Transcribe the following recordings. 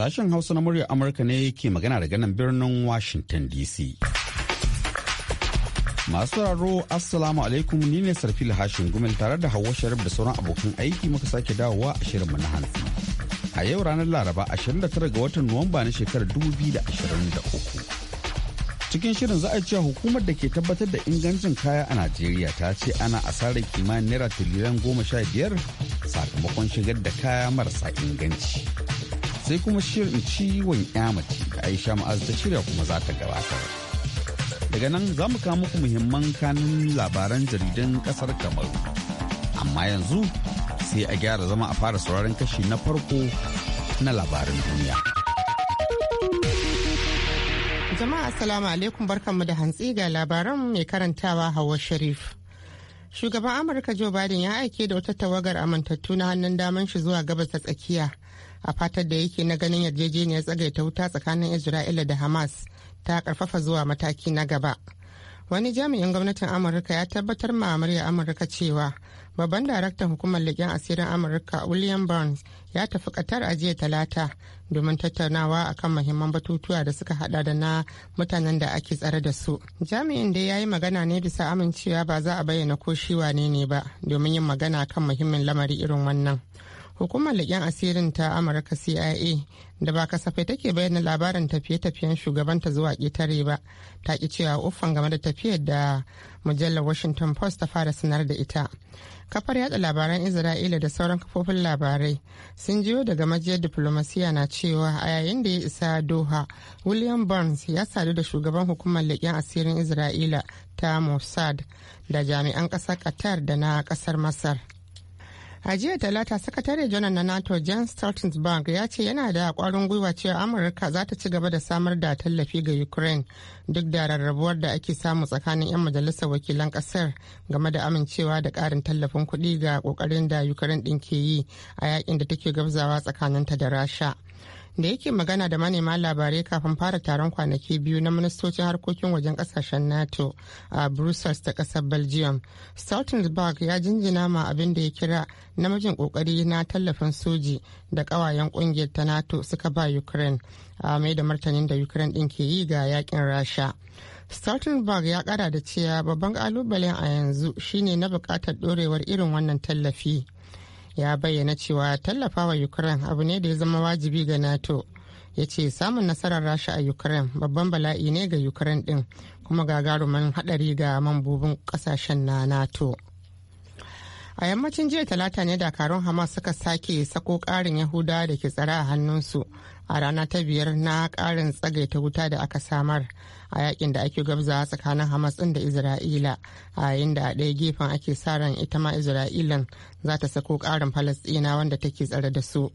Sashen Hausa na muryar Amurka ne ke magana daga nan birnin Washington DC. Masu raro Assalamu alaikum ni ne sarfi Hashin Gumel tare da Hauwa Sharif da sauran abokan aiki muka sake dawowa a shirinmu na hantsi. A yau ranar Laraba 29 ga watan Nuwamba na shekarar 2023. cikin shirin za a cewa hukumar da ke tabbatar da ingancin kaya a najeriya ta ce ana asarar kimanin naira tiriliyan goma sha biyar sakamakon shigar da kaya marasa inganci sai kuma shirin ciwon mace da aisha ma'az ta shirya kuma za ta gabatar daga nan za mu kawo muku muhimman kanun labaran jaridan kasar kamaru amma yanzu sai a gyara zama a fara sauraron kashi na farko na labaran duniya jama'a assalamu alaikum barkanmu da hantsi ga labaran mai karantawa hawa sharif shugaban amurka joe biden ya aike da wata tawagar amintattu na hannun daman shi zuwa gabas ta tsakiya a fatar da yake na ganin yarjejeniyar tsagaita wuta tsakanin isra'ila da hamas ta karfafa zuwa mataki na gaba wani jami'in gwamnatin amurka ya tabbatar ma murya amurka cewa babban daraktan hukumar leƙen asirin amurka william burns ya tafi katar a jiya talata domin tattaunawa akan mahimman batutuwa da suka hada da na mutanen da ake tsare da su jami'in dai ya yi magana ne bisa amincewa ba za a bayyana ko shi wane ne ba domin yin magana kan muhimmin lamari irin wannan hukumar leƙen asirin ta amurka cia da ba kasafai take bayyana labarin tafiye-tafiyen shugabanta zuwa ƙetare ba ta ƙi cewa uffan game da tafiyar da mujallar washington post ta fara sanar da ita kafar yada labaran isra'ila da sauran kafofin labarai sun jiyo daga majiyar diplomasiya na cewa a yayin da ya isa doha william burns ya sadu da shugaban hukumar leƙen asirin isra'ila ta mossad da jami'an ƙasar qatar da na ƙasar masar a jiya talata sakatare janar na nato jan stoltenberg ya ce yana da kwarin gwiwa cewa amurka za ta ci gaba da samar da tallafi ga ukraine duk da rarrabuwar da ake samu tsakanin 'yan majalisar wakilan kasar game da amincewa da karin tallafin kuɗi ga kokarin da ukraine ɗin ke yi a yakin da take gabzawa tsakaninta da rasha da yake magana da manema labarai kafin fara taron kwanaki biyu na ministocin harkokin wajen kasashen nato a brussels ta kasar belgium stoltenberg ya jinjina ma abin da ya kira namijin kokari na tallafin soji da kawayen kungiyar ta nato suka ba ukraine a mai da martanin da ukraine din ke yi ga yakin rasha stoltenberg ya kara da cewa babban kalubalen a yanzu shine na bukatar dorewar irin wannan tallafi. ya bayyana cewa tallafawa ukraine abu ne da ya zama wajibi ga nato ya ce samun nasarar rasha a ukraine babban bala'i ne ga ukraine din kuma gagarumin hadari ga mambobin kasashen na nato a yammacin jiya talata ne dakarun hamas suka sake sako karin yahuda da ke tsara a hannunsu a rana ta biyar na ƙarin tsagaita wuta da aka samar a yakin da ake gabza tsakanin hamas ɗin da isra'ila a yayin da a ɗaya gefen ake sa ran ita ma isra'ilan za ta sako karin falasɗina wanda take tsare da su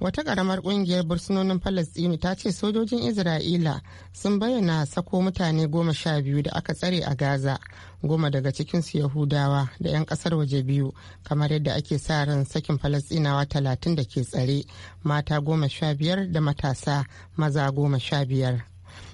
wata karamar kungiyar bursunonin falastini ta ce sojojin isra'ila sun bayyana sako mutane goma sha biyu da aka tsare a gaza goma daga cikinsu yahudawa da 'yan kasar waje biyu kamar yadda ake sa ran sakin falastinawa talatin da ke tsare mata goma sha biyar da matasa maza goma sha biyar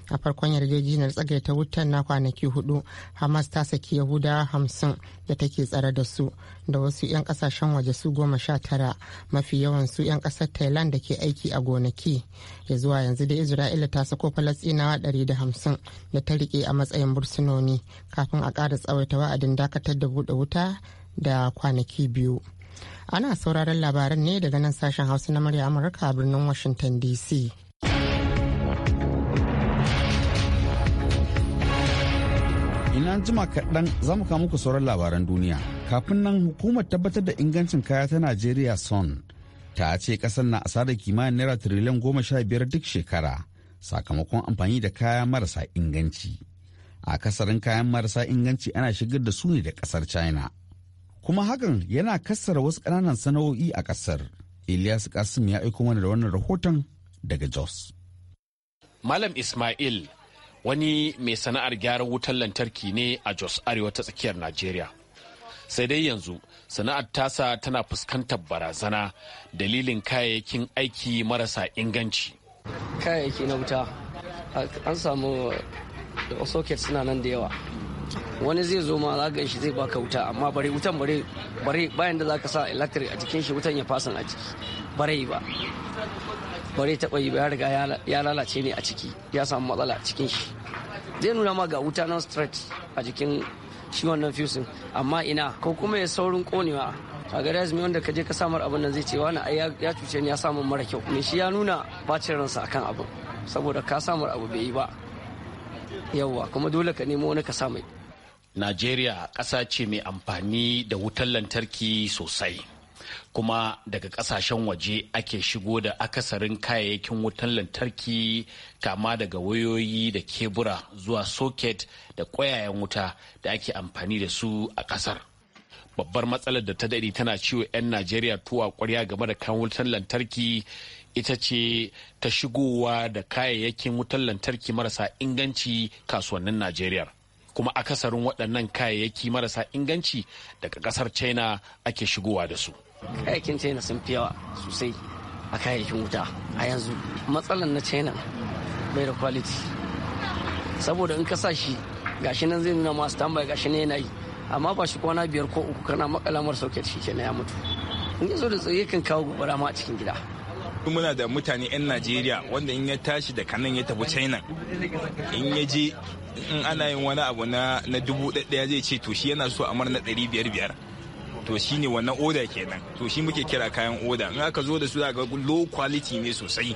a farkon yarjejeniyar tsagaita wutan na kwanaki hudu hamas ta saki yahudawa hamsin da take tsare da su da wasu 'yan kasashen waje su goma sha tara mafi yawan su 'yan kasar thailand da ke aiki a gonaki ya zuwa yanzu da isra'ila ta sako falastinawa ɗari da hamsin da ta rike a matsayin bursunoni kafin a ƙara tsawaita wa'adin dakatar da buɗe wuta da kwanaki biyu ana sauraron labaran ne daga nan sashen hausa na murya amurka a birnin washington dc an jima kaɗan za mu kawo muku sauran labaran duniya. Kafin nan hukumar tabbatar da ingancin kaya ta Najeriya son ta ce ƙasar na asarar kimanin naira tiriliyan goma sha biyar duk shekara sakamakon amfani da kaya marasa inganci. A kasarin kayan marasa inganci ana shigar da su ne da ƙasar China. Kuma hakan yana kassara wasu ƙananan sana'o'i a ƙasar. Ilyas Kasim ya aiko mana da wannan rahoton daga Jos. Malam Ismail wani mai sana'ar gyaran wutar lantarki ne a jos arewa ta tsakiyar najeriya sai dai yanzu sana'ar tasa tana fuskantar barazana dalilin kayayyakin aiki marasa inganci kayayyaki na wuta an samu socket suna nan da yawa wani zai zo ma za shi zai baka wuta amma bare wutan bare bayan da za ka sa electric a jikin shi wutan ya fasan a ciki bare ba ba taɓa yi ba ya riga ya lalace ne a ciki ya samu matsala a cikin shi zai nuna ma ga wuta nan straight a jikin shi wannan fusin amma ina ko kuma ya saurin konewa a ga razumi wanda ka je ka samar abin nan zai ce wani ya cuce ni ya samu mara kyau me shi ya nuna bacin ransa akan abin saboda ka samar abu bai yi ba yawwa kuma dole ka nemo wani ka samai Najeriya ƙasa ce mai amfani da wutar lantarki sosai. kuma daga kasashen waje ake shigo da akasarin kayayyakin wutan lantarki kama daga wayoyi da kebura zuwa soket da ƙwayayen wuta da ake amfani da su a ƙasar babbar matsalar da ta daɗe tana ciwo 'yan najeriya tuwa ƙwarya game da kan wutan lantarki ita ce ta shigowa da kayayyakin wutan lantarki marasa inganci kasuwannin najeriya kuma akasarin waɗannan kayayyaki marasa inganci daga ƙasar china ake shigowa da su kayayyakin china sun fi yawa sosai a kayayyakin wuta a yanzu matsalar na china bai da quality saboda in ka sa shi gashi nan zai nuna masu tambaya gashi ne yana yi amma ba shi kwana biyar ko uku kana makalamar soket shi kenan ya mutu in yi zo da tsaye kan kawo gobara ma a cikin gida muna da mutane 'yan najeriya wanda in ya tashi da kanan ya tafi china in ya je in ana yin wani abu na dubu ɗaya zai ce to shi yana so a mar na ɗari biyar biyar to shi ne wannan oda kenan to shi muke kira kayan oda in aka zo da su za ga low quality ne sosai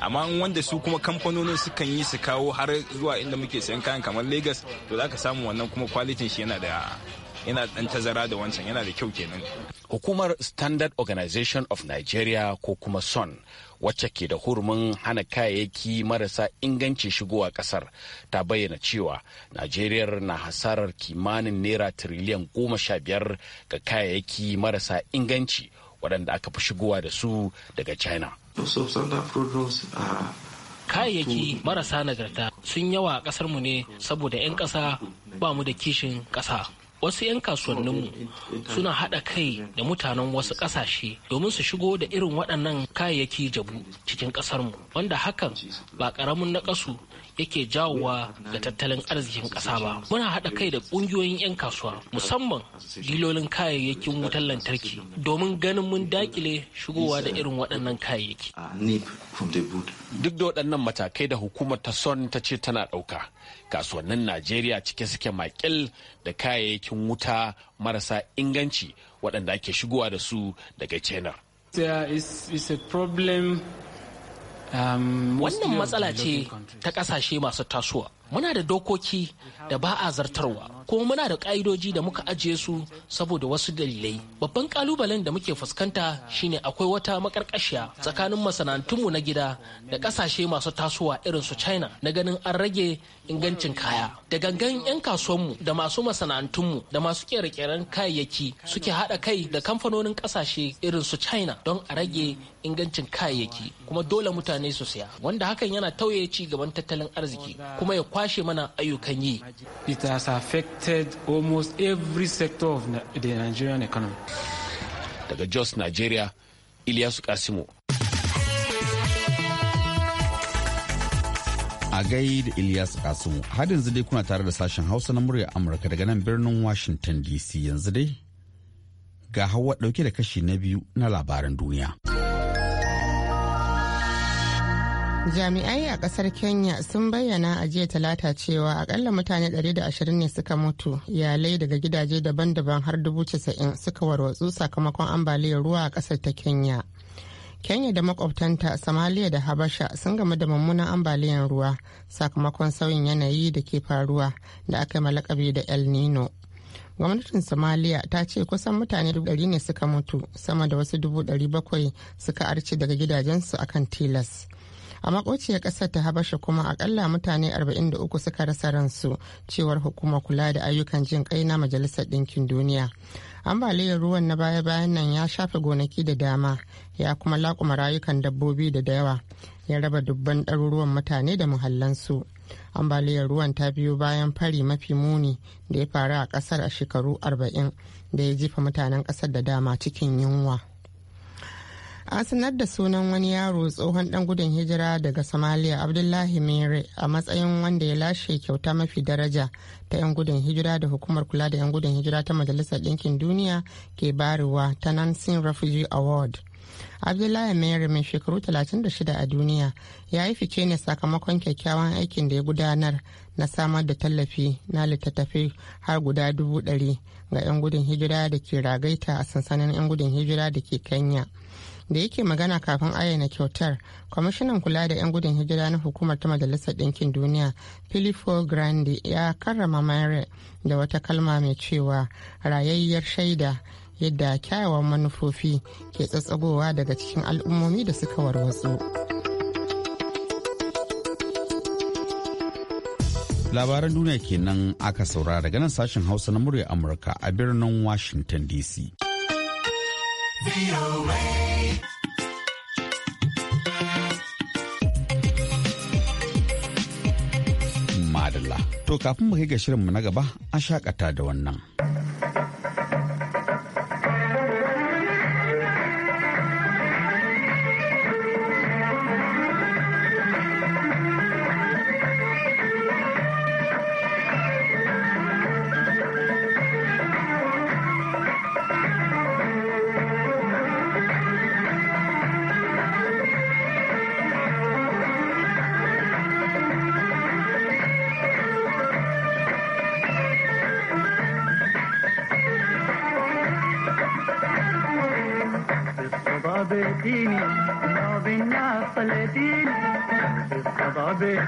amma wanda su kuma kamfanonin sukan yi su kawo har zuwa inda muke sayan kayan kamar lagos to za ka samu wannan kuma kwalitin shi yana da yana dan tazara da wancan yana da kyau kenan Hukumar Standard Organization of Nigeria ko kuma SON wacce ke da hurumin hana kayayyaki marasa inganci shigowa kasar ta bayyana cewa nigeria na hasarar kimanin naira tiriliyan goma sha biyar ga kayayyaki marasa inganci waɗanda aka fi shigowa da su daga China. kayayyaki marasa nagarta sun yawa a ƙasarmu ne saboda 'yan ƙasa ba mu da kishin ƙasa. wasu 'yan kasuwanninmu suna haɗa kai da mutanen wasu kasashe domin su shigo da irin waɗannan kayayyaki jabu cikin ƙasarmu wanda hakan ba ƙaramin naƙasu yake jawowa ga tattalin arzikin ƙasa ba muna haɗa kai da ƙungiyoyin 'yan kasuwa musamman dilolin kayayyakin wutar lantarki domin ganin mun dakile shigowa da irin waɗannan kayayyaki ah, duk da waɗannan matakai da hukumar ta son ta ce tana ɗauka kasuwannin najeriya cike suke makil da kayayyakin wuta marasa inganci waɗanda ake shigowa da su daga china Um, wannan matsala ce ta kasashe masu tasowa muna da dokoki da ba a zartarwa kuma muna da ƙa'idoji da muka ajiye su saboda wasu dalilai babban kalubalen da muke fuskanta shine akwai wata makarkashiya tsakanin masana'antunmu na gida da kasashe masu tasowa irin su china na ganin an rage ingancin kaya da gangan 'yan kasuwanmu da masu masana'antunmu da masu kere-keren kayayyaki suke haɗa kai da kamfanonin kasashe irin su china don a rage ingancin kayayyaki kuma dole mutane su saya wanda hakan yana tauye ci gaban tattalin arziki kuma ya kwashe mana ayyukan yi it has affected almost every sector of the nigerian economy daga jos nigeria iliyasu Kasimo. a gaid Ilyas Kasu. Har yanzu dai kuna tare da sashen Hausa na murya Amurka daga nan birnin Washington DC yanzu dai ga hawa dauke da kashi na biyu na labaran duniya. Jami'ai a ƙasar Kenya sun bayyana a jiya talata cewa akalla mutane 120 ne suka mutu iyalai daga gidaje daban-daban har 90 suka warwatsu sakamakon ambaliyar ruwa a ƙasar ta Kenya. kenya da makwabtanta somalia da habasha sun game da mummunan ambaliyan ruwa sakamakon sauyin yanayi da ke faruwa da aka yi malakabi da el nino gwamnatin somalia ta ce kusan mutane ɗari ne suka mutu sama da wasu dubu bakwai suka arce daga gidajensu akan tilas a makociyar kasar ta habasha kuma akalla mutane 43 suka rasa ransu cewar hukumar kula da ayyukan jin kai na majalisar ɗinkin duniya ambaliyar ruwan na baya-bayan nan ya shafe gonaki da dama ya kuma laƙuma rayukan dabbobi da yawa ya raba dubban ɗaruruwan mutane da muhallansu ambaliyar ruwan ta biyo bayan fari mafi muni da ya faru a ƙasar a shekaru 40 da ya jefa mutanen ƙasar da dama cikin yunwa. an sanar da sunan wani yaro tsohon dan gudun hijira daga somalia abdullahi mere a matsayin wanda ya lashe kyauta mafi daraja ta 'yan gudun hijira da hukumar kula da 'yan gudun hijira ta majalisar ɗinkin duniya ke barewa ta nansin refugee award abdullahi mere mai shekaru 36 a duniya ya yi fice ne sakamakon kyakkyawan aikin da ya gudanar na samar da tallafi na littattafai har guda dubu ɗari ga 'yan gudun hijira da ke ragaita a sansanin 'yan gudun hijira da ke kenya da yake magana kafin ayyana kyautar kwamishinan kula da 'yan gudun hijira na hukumar ta majalisar ɗinkin duniya filippo grandi ya karrama mare da wata kalma mai cewa rayayyar shaida yadda kyawawan manufofi ke tsatsagowa daga cikin al'ummomi da suka warwatsu. labaran duniya kenan aka saurara daga nan sashen hausa na murya amurka a birnin washington dc. Madalla, to kafin mu kai ga shirinmu na gaba, an shakata da wannan.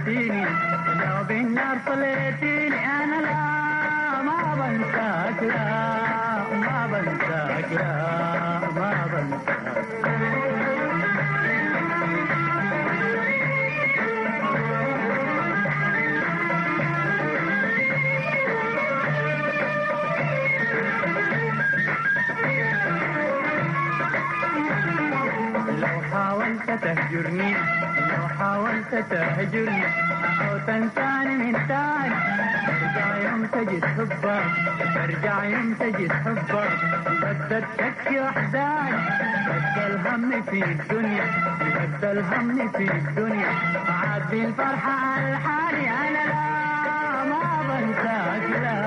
وديتيني لو بالنار طليتيني انا لا ما بنساك لا ما بنساك لا ما بنساك لو حاولت تهجرني حاولت تهجرني أو تنساني من تاني ترجع يوم تجد حبك ترجع يوم تجد حبك بدت تشكي وحداني بس الهم في الدنيا بس الهم في الدنيا عاد الفرحة على الحالي أنا لا ما بنساك لا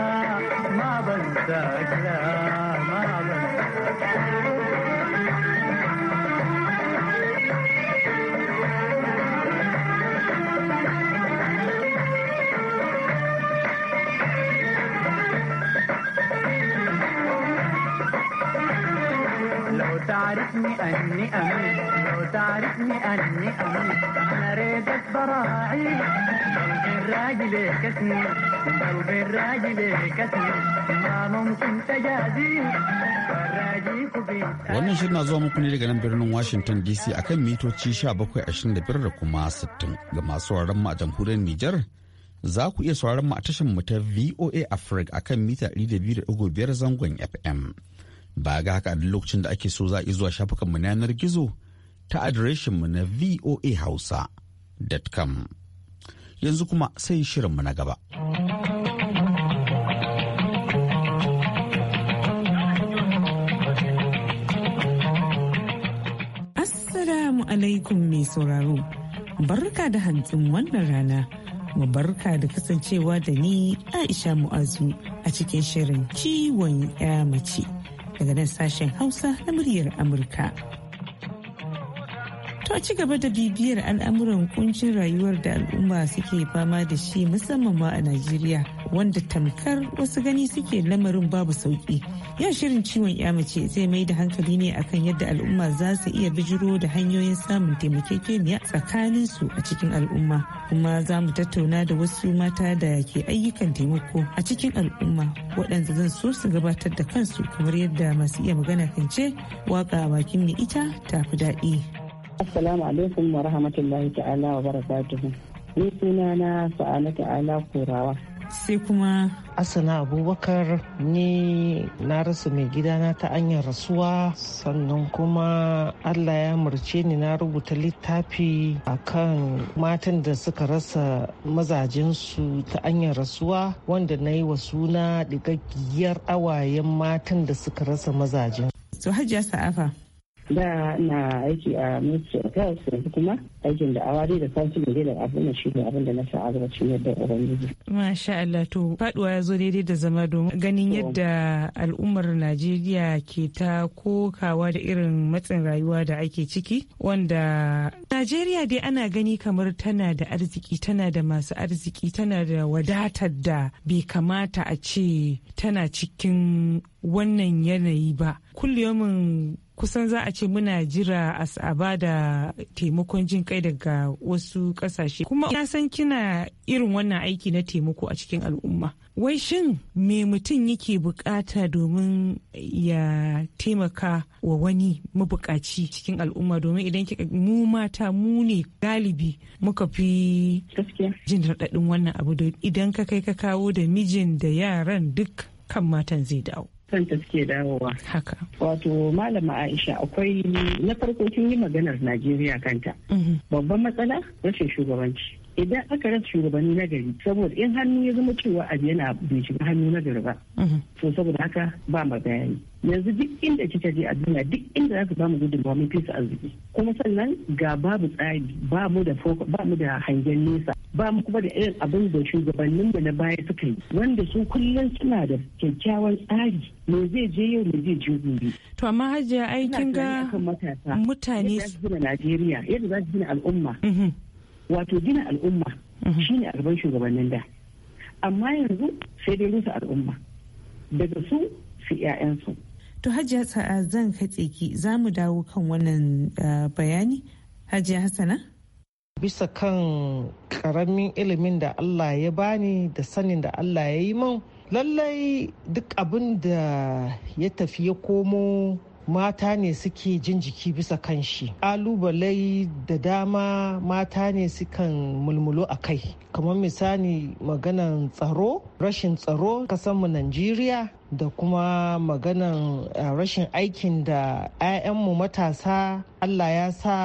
ما بنساك لا ما بنساك تعرفني أني أمي لو تعرفني أني أمي أنا ريدك براعي قلبي الراجل كسني قلبي الراجل كسني ما ممكن تجازي Wannan shirin na zuwa muku ne daga nan birnin Washington DC akan mitoci 1725 da kuma 60 ga masu sauraron mu a jamhuriyar Nijar za ku iya sauraron mu a tashar mu ta VOA Africa akan mita 200.5 zangon FM. ba ga haka a lokacin da ake so za a zuwa shafukanmu na yanar gizo ta adireshinmu na voahausa.com yanzu kuma sai shirinmu na gaba. Assalamu alaikum mai sauraro, barka da hantsin wannan rana. mu barka da kasancewa da ni Aisha Mu'azu a cikin shirin ciwon ya mace. daga nan sashen Hausa na muryar Amurka. To ci gaba da bibiyar al'amuran kuncin rayuwar da al'umma suke fama da shi musamman ma a Najeriya. wanda tamkar wasu gani suke lamarin babu sauki yau shirin ciwon yamace zai mai da hankali ne akan yadda al'umma za su iya bijiro da hanyoyin samun taimakekeniya tsakanin su a cikin al'umma kuma za mu tattauna da wasu mata da ke ayyukan taimako a cikin al'umma waɗanda zan so su gabatar da kansu kamar yadda masu iya magana kan ce waka bakin mai ita tafi daɗi. Assalamu alaikum wa rahmatullahi ta'ala wa barakatuhu. Ni suna na sa'ana ta'ala kurawa sai kuma asana abubakar ni na rasa mai gidana ta hanyar rasuwa sannan kuma allah ya murce ni na rubuta littafi akan matan da suka rasa mazajensu ta hanyar rasuwa wanda na yi wa suna digaggiyar awayen matan da suka rasa mazajen. So hajiya sa'afa da na aiki a ministry of health yanzu kuma aikin da awari da council da da abin da shi ne abin da na sa albarci yadda ubangiji masha Allah to faduwa ya zo daidai da zama domin ganin yadda al'ummar Najeriya ke ta kokawa da irin matsin rayuwa da ake ciki wanda Najeriya dai ana gani kamar tana da arziki tana da masu arziki tana da wadatar da bai kamata a ce tana cikin wannan yanayi ba kullumin kusan za a ce muna jira a ba da taimakon jin kai daga wasu kasashe kuma na san kina irin wannan aiki na taimako a cikin al'umma wai shin me mutum yake bukata domin ya taimaka wa wani mabukaci cikin al'umma domin idan kika mu mata mu ne galibi muka fi jin raɗaɗin wannan abu idan ka kai ka kawo da mijin da yaran duk kan matan zai dawo kanta suke dawowa. Haka. Wato malama Aisha akwai na farko kin yi maganar Najeriya kanta. Mm-hmm. Babban matsala rashin shugabanci. Idan aka rasa shugabanni na gari saboda in hannu ya zama cewa abu yana bai shiga hannu na gari ba. So mm-hmm. saboda haka ba ma bayani. Yanzu duk inda kika je a duniya duk inda za ka bamu gudunmawa mun fi su arziki. Kuma sannan ga babu tsari ba mu da hangen nesa ba mu kuma da irin abin da shugabannin da na baya suka yi wanda su kullum suna da kyakkyawan tsari me zai je yau me zai je gobe. To amma hajiya ai kin ga mutane su gina Najeriya yadda za su gina al'umma. Mm-hmm. Wato gina al'umma mm-hmm. shine alban shugabannin da. Amma yanzu sai dai rusa al'umma daga su su ƴaƴansu. To hajiya sa'a zan katse ki za mu dawo kan wannan eh, bayani. Hajiya Hassana. bisa kan karamin ilimin da Allah ya bani da sanin da Allah ya yi min lallai duk abin da ya tafi ya komo mata ne suke jin jiki bisa kan shi ƙalubalai da dama mata ne sukan mulmulo a kai kamar misali maganan tsaro rashin tsaro kasanmu najeriya da kuma maganan eh, rashin aikin da 'ya'yanmu matasa allah ya sa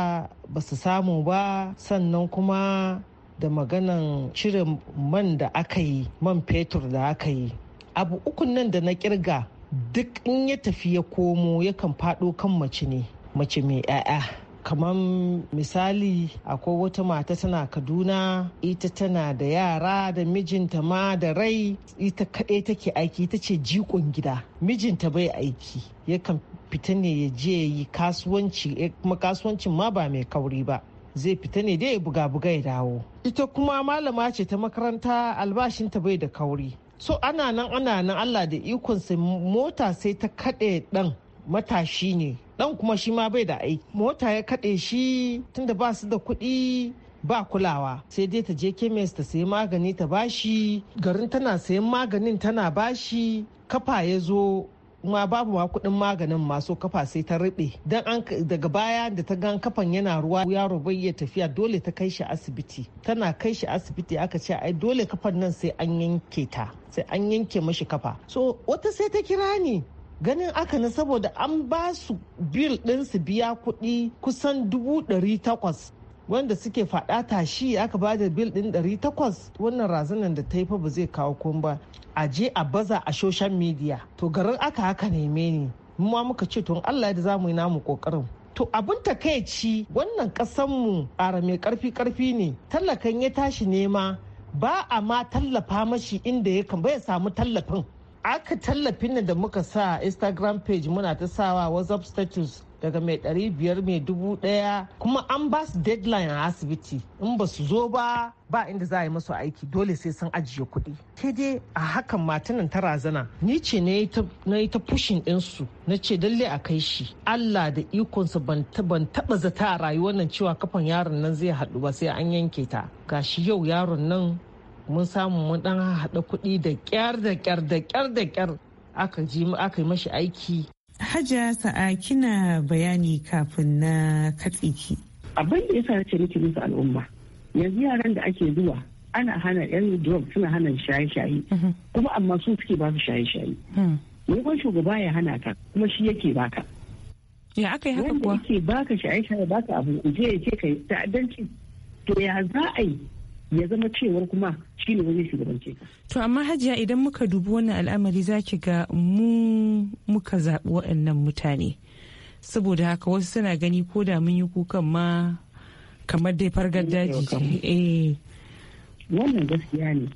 ba su samu ba sannan kuma da maganan cire man da aka yi man fetur da aka yi abu ukun nan da na kirga duk in ya tafi ya komo yakan fado kan mace ne mace mai 'ya'ya kamar misali akwai wata mata tana kaduna ita tana da yara da mijinta ma da rai ita kaɗai take aiki ita ce jikon gida mijinta bai aiki yakan fita ne ya je yi kasuwanci eh, kuma kasuwancin ma ba mai kauri ba zai fita ne dai ya buga-buga ya dawo ita kuma malama ce ta makaranta albashinta bai da kauri so ana nan ana nan allah da ikon ikonsa mota sai ta kaɗe ɗan matashi ne ɗan kuma shi ma bai da aiki mota ya kaɗe shi tunda ba su da kuɗi ba kulawa sai dai ta je kemis ta sayi magani ta bashi garin tana sayan maganin tana bashi kafa ya zo kuma babu ma kuɗin maganin masu kafa sai ta ruɓe dan an daga baya da ta gan kafan yana ruwa yaro bai iya tafiya dole ta kai shi asibiti tana kai shi asibiti aka ce ai dole kafan nan sai an yanke ta sai an yanke mashi kafa so wata sai ta kira ni ganin aka na saboda an ba su bil ɗin su biya kuɗi kusan dubu ɗari takwas wanda suke faɗa tashi aka ba da bil ɗin ɗari takwas. wannan razanar da ta yi fa ba zai kawo kun ba a je a baza a social media to garin aka haka neme ne. mu ma muka ce tun Allah da za mu yi namu ƙoƙarin. To abin takaici wannan ƙasanmu ƙara mai ƙarfi-ƙarfi ne, tallakan ya tashi nema ba a ma tallafa mashi inda ya kan bai samu tallafin. Aka tallafin nan da muka sa Instagram page muna ta sawa WhatsApp status daga mai ɗari biyar mai dubu ɗaya kuma an ba su deadline a asibiti in ba su zo ba ba inda za a yi masu aiki dole sai sun ajiye kuɗi ke dai a hakan matanan ta razana ni ce na yi ta pushin ɗinsu na ce dalle a kai shi allah da ikonsa ban taɓa zata a rayuwar nan cewa kafan yaron nan zai haɗu ba sai an yanke ta gashi yau yaron nan mun samu mun ɗan haɗa kuɗi da ƙyar da ƙyar da ƙyar da ƙyar aka ji aka yi mashi aiki Hajiya sa'a kina bayani kafin na katse ki. Abin da ya sa ce miki musu al'umma. Yanzu yaran da ake zuwa ana hana yan drug suna hana shaye-shaye. Mhm. Kuma amma su suke ba su shaye-shaye. Hmm. Maimakon shugaba ya hana ka kuma shi yake baka. Ya aka yi haka kuwa? Wanda yake baka shaye-shaye baka abu je ya ce ka yi ta'addanci. To ya za a yi ya zama cewar kuma shi ne wani shugabance ka. To amma hajiya idan muka dubi wannan al'amari za ki ga mu muka zaɓi waɗannan mutane. Saboda haka wasu suna gani ko da mun yi kukan ma kamar dai fargar daji. Eh. Wannan gaskiya ne.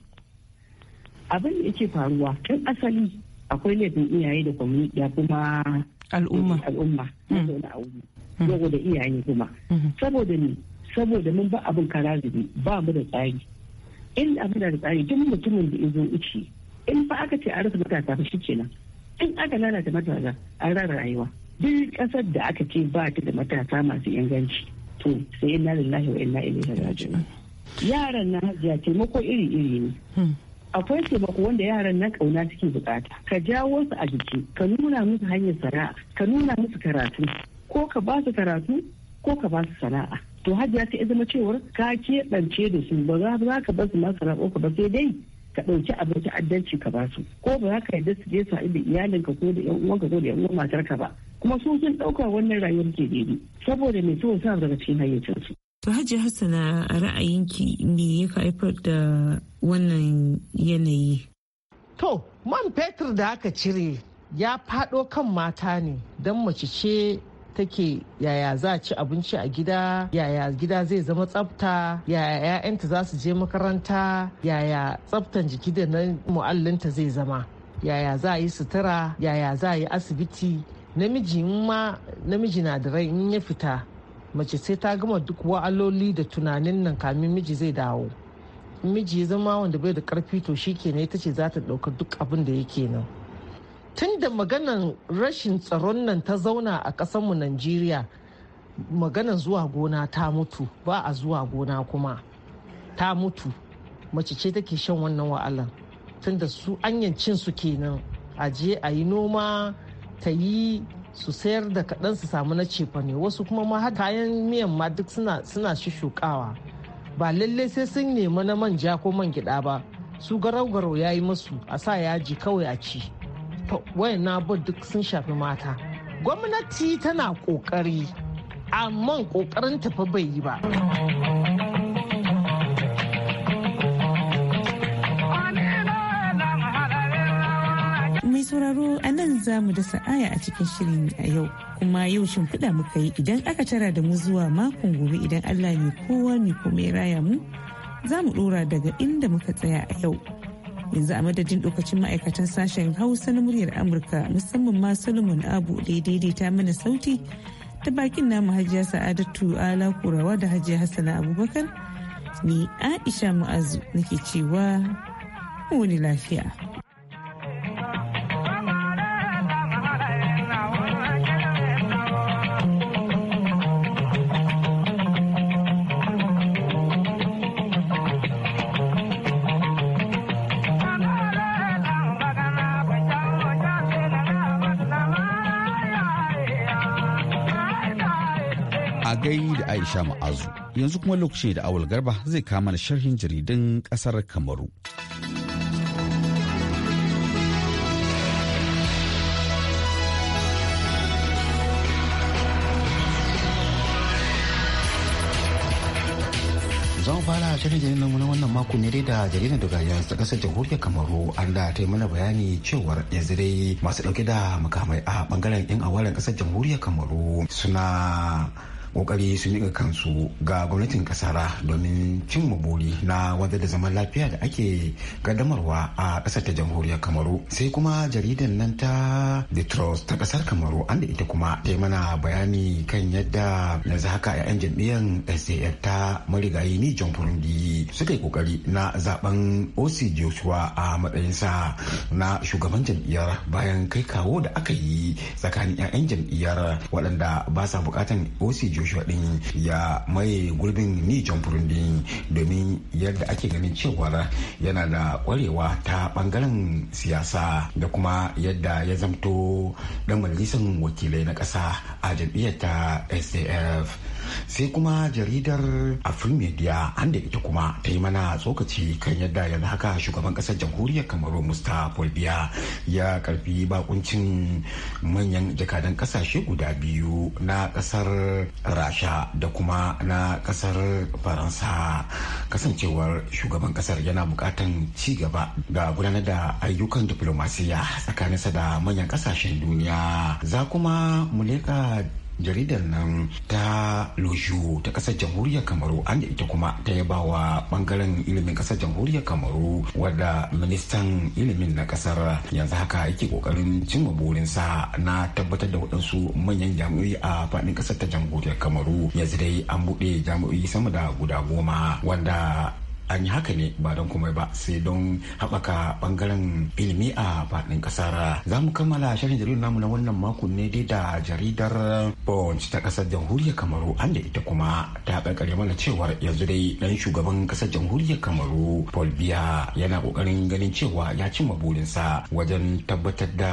Abin da yake faruwa tun asali akwai laifin iyaye da kwamiti ya kuma al'umma. Al'umma. Hmm. Hmm. Saboda iyaye kuma. Hmm. Saboda ne saboda mun ba abin kara ba mu da tsari in abin da tsari duk mutumin da izo uci in ba aka ce a rasa matasa ba kenan in aka lalata matasa an rara rayuwa duk kasar da aka ce ba ta da matasa masu inganci to sai inna lillahi wa inna ilaihi raji'un yaran na hajiya taimako iri iri ne hmm. akwai taimako wanda yaran na kauna suke bukata ka jawo su a jiki ka nuna musu hanyar sana'a ka nuna musu karatu ko ka ba su karatu ko ka ba su sana'a to ya sai zama cewar ka keɓance da su ba za ka basu masu ka ba sai dai ka ɗauki abin ta'addanci ka ba su ko ba za ka yarda su je su haɗu da iyalinka ko da 'yan uwanka ko da 'yan uwan matarka ba kuma su sun ɗauka wannan rayuwar ke daidai saboda mai so sa daga cikin hayyacinsu. To Hajji Hassana a ra'ayinki me ya haifar da wannan yanayi? To man fetur da aka cire ya faɗo kan mata ne don mace ce take yaya za a ci abinci a gida yaya gida zai zama tsafta yaya 'ya'yanta za su je makaranta yaya tsaftan jiki da na mu'allinta zai zama yaya za a yi sutura yaya za a yi asibiti namiji ma namiji na da rai in ya fita mace sai ta gama duk wa'aloli da tunanin nan kamin miji zai dawo miji ya zama wanda bai da karfi to shi ne ita ce za ta ɗaukar duk abin da yake nan tun da maganan rashin tsaron nan ta zauna a ƙasanmu Najeriya maganan zuwa gona ta mutu ba a zuwa gona kuma ta mutu mace ce take shan wannan wa'alan tun da su anyancin su kenan a je a yi noma ta yi su sayar da kaɗan su samu na cefa ne wasu kuma ma kayan miyan ma duk suna shushukawa ba lalle sai sun nemi na manja ko man gida ba su garau-garau ya yi masu a sa yaji kawai a ci to na abubuwan duk sun shafi mata gwamnati tana kokari amma kokarin tafi bai yi ba mai sauraro a nan za mu da sa'aya a cikin shirin a yau kuma yau shimfiɗa muka yi idan aka tara da mu zuwa makon gobe idan allah ne kowa mai ya raya mu za mu ɗora daga inda muka tsaya a yau yanzu a madadin lokacin ma'aikatan sashen hausa na muryar amurka musamman ma solomon abu da ya mana sauti ta bakin namu hajiya sa'adatu ala kurawa da hajiya hassana abubakar ni aisha mu'azu nake cewa wani lafiya. yanzu kuma lokaci da awal garba zai kama da sharhin jaridun kasar kamaru zan fara shirin jaridar namuna wannan mako ne dai da jaridar dogayen ta kasar jamhuriyar kamaru an da ta yi mana bayani cewar yanzu dai masu dauke da makamai a bangaren yan awaren kasar jamhuriyar kamaru suna kokari sun yi kansu ga gwamnatin kasara domin cin buri na wanda da zaman lafiya da ake kaddamarwa a ƙasar ta jamhuriyar kamaru sai kuma jaridan nan ta the trust ta ƙasar kamaru an da ita kuma ta yi mana bayani kan yadda yanzu haka 'ya'yan jam'iyyar sdf ta marigayi ni john burundi suka yi kokari na zaben osi joshua a matsayinsa na shugaban jam'iyyar bayan kai kawo da aka yi tsakanin 'ya'yan jam'iyyar waɗanda ba sa buƙatan osi joshua joshua din ya maye gurbin ni jamfurin din domin yadda ake ganin cewar yana da kwarewa ta bangaren siyasa da kuma yadda ya zamto dan majalisar wakilai na kasa a jam'iyyar ta sdf sai kuma jaridar afrimedia anda ita kuma ta yi mana tsokaci kan yadda yanzu haka shugaban kasar jamhuriyar kamaru musta biya ya karfi bakuncin manyan jakadan kasashe guda biyu na kasar rasha da kuma na kasar faransa kasancewar shugaban kasar yana bukatan ci gaba ga gudanar da ayyukan diplomasiya tsakaninsa da manyan kasashen duniya za kuma mu leka jaridar nan ta lojo ta kasar jamhuriyar kamaru an ita kuma ta yaba wa bangaren ilimin kasar jamhuriyar kamaru wadda ministan ilimin na kasar yanzu haka yake kokarin cimma burinsa na tabbatar da waɗansu manyan jami'o'i a faɗin kasar ta jamhuriyar kamaru yanzu dai an buɗe jami'o'i sama da guda goma wanda an yi haka ne ba don komai ba sai don haɓaka ɓangaren ilimi a faɗin ƙasar za mu kammala shirin jaridar namu na wannan makon ne dai da jaridar bonch ta ƙasar jamhuriyar kamaru an da ita kuma ta ƙarƙare mana cewar yanzu dai ɗan shugaban ƙasar jamhuriyar kamaru paul biya yana ƙoƙarin ganin cewa ya cimma burinsa wajen tabbatar da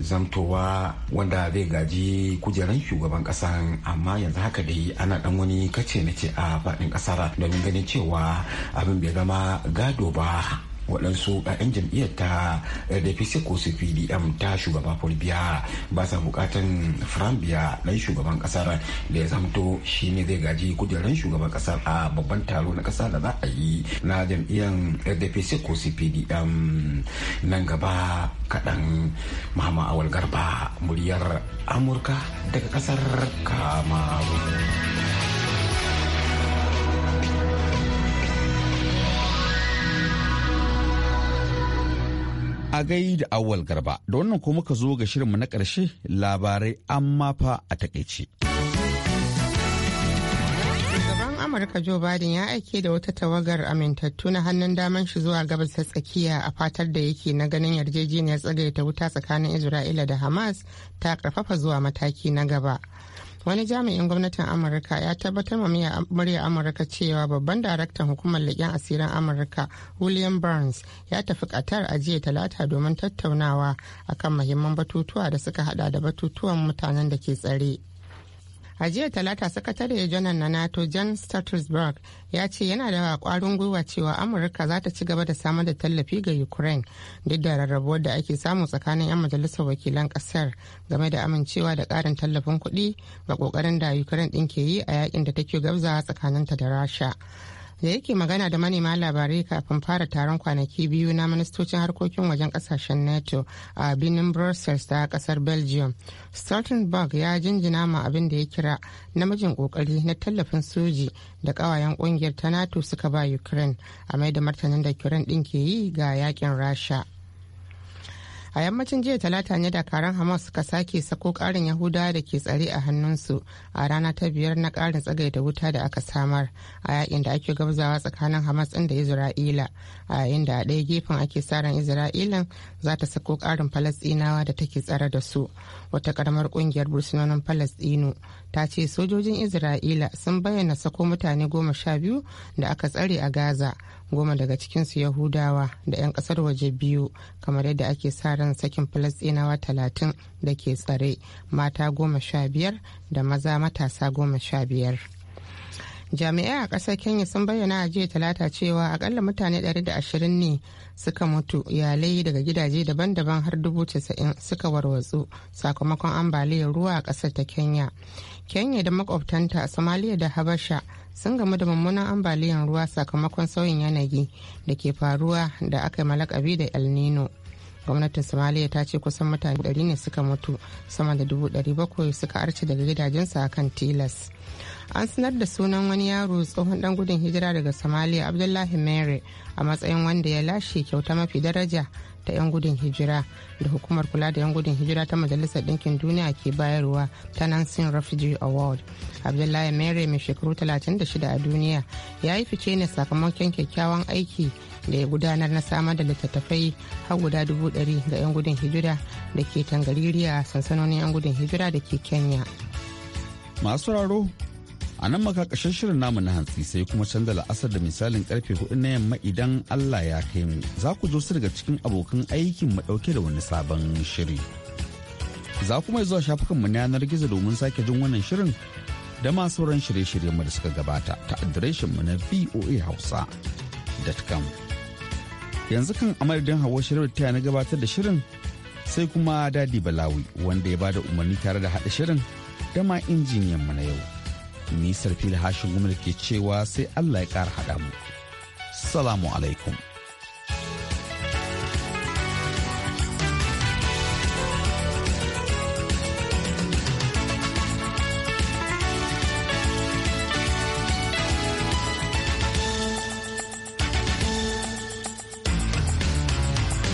zamtowa wanda zai gaji kujeran shugaban ƙasan amma yanzu haka dai ana ɗan wani kace na ce a faɗin ƙasar domin ganin cewa abin bai zama gado ba waɗansu 'ya'yan jam'iyyar ta rdpc ko su pdm ta shugaba fulbiya ba sa bukatan frambiya ɗan shugaban ƙasar da ya zamto shi ne zai gaji kujerar shugaban ƙasar a babban taro na ƙasa da za a yi na jam'iyyar rdpc ko su pdm nan gaba kaɗan mahama awal garba muryar amurka daga ƙasar kamaru A gai da awal garba, da wannan kuma muka zo ga shirinmu na ƙarshe labarai amma fa a takaice. Shugaban Amurka Joe Biden ya aike da wata tawagar amintattu na hannun daman shi zuwa gabas ta tsakiya a fatar da yake na ganin yarjejeniyar tsagaita wuta tsakanin Isra'ila da Hamas ta karfafa zuwa mataki na gaba. wani jami'in gwamnatin amurka ya tabbatar ma murya amurka cewa babban daraktan hukumar leƙen asirin amurka william burns ya tafi qatar a jiya talata domin tattaunawa akan mahimman batutuwa da suka hada da batutuwan mutanen da ke tsare a jiya talata sakatare janar na nato john stoltenberg ya ce yana da kwarin gwiwa cewa amurka za ta ci gaba da samar da tallafi ga ukraine duk da rarrabuwar da ake samu tsakanin 'yan majalisar wakilan kasar game da amincewa da karin tallafin kuɗi ga ƙoƙarin da ukraine ɗin ke yi a yakin da take gabza tsakaninta da rasha da yake magana da manema labarai kafin fara taron kwanaki biyu na ministocin harkokin wajen kasashen nato a birnin brussels ta kasar belgium stoltenberg ya jinjina ma abin da ya kira namijin kokari na tallafin soji da kawayen kungiyar ta nato suka ba ukraine a mai da martanin da ukraine din ke yi ga yakin rasha a yammacin jiya talata ne dakaran hamas suka sake sako karin yahudawa da ke tsare a hannunsu a rana ta biyar na karin da wuta da aka samar a yakin da ake gabzawa tsakanin hamas inda da isra'ila a yayin da a ɗaya gefen ake sa ran isra'ilan za ta sako karin falastinawa da take tsare da su wata karamar kungiyar bursunonin falastinu ta ce sojojin isra'ila sun bayyana sako mutane goma sha biyu da aka tsare a gaza goma daga cikinsu yahudawa da 'yan kasar waje biyu kamar yadda ake sa ran sakin falastinawa talatin da ke tsare mata goma sha biyar da maza matasa goma sha biyar jami'ai a ƙasar kenya sun bayyana a jiya talata cewa akalla mutane 120 ne suka mutu iyalai daga gidaje daban-daban har dubu 90 suka warwatsu sakamakon ambaliyar ruwa a ƙasar ta kenya kenya da makwabtanta somalia da habasha sun game da mummunan ambaliyan ruwa sakamakon sauyin yanayi da ke faruwa da aka yi malakabi da el nino gwamnatin somaliya ta ce kusan mutane 100 ne suka mutu sama da bakwai suka arce daga gidajensu a kan tilas an sanar da sunan wani yaro tsohon dan gudun hijira daga somaliya abdullahi mere a matsayin wanda ya lashe kyauta mafi daraja ta 'yan gudun hijira da hukumar kula da 'yan gudun hijira ta majalisar ɗinkin duniya ke bayarwa ta Nansin Refugee Award. Abdullahi Mere mai shekaru 36 a duniya ya yi fice ne sakamakon kyakkyawan aiki da ya gudanar na samar da littattafai har guda dubu ɗari ga 'yan gudun hijira da ke tangaririya sansanonin 'yan gudun hijira da ke Kenya. Masu raro a nan maka shirin namu na hantsi sai kuma canza la'asar da misalin karfe hudu na yamma idan allah ya kai mu za ku zo su daga cikin abokan aikin mu ɗauke da wani sabon shiri za kuma zuwa shafukan mu na yanar gizo domin sake jin wannan shirin da ma sauran shirye-shiryen mu da suka gabata ta adireshin mu na voahausa.com yanzu kan amadadin hawa shirin ta na gabatar da shirin sai kuma dadi balawi wanda ya bada umarni tare da haɗa shirin da ma injiniyan mu na yau Nisar fili hashin umar ke cewa sai Allah ya ƙara haɗa mu. Salamu alaikum.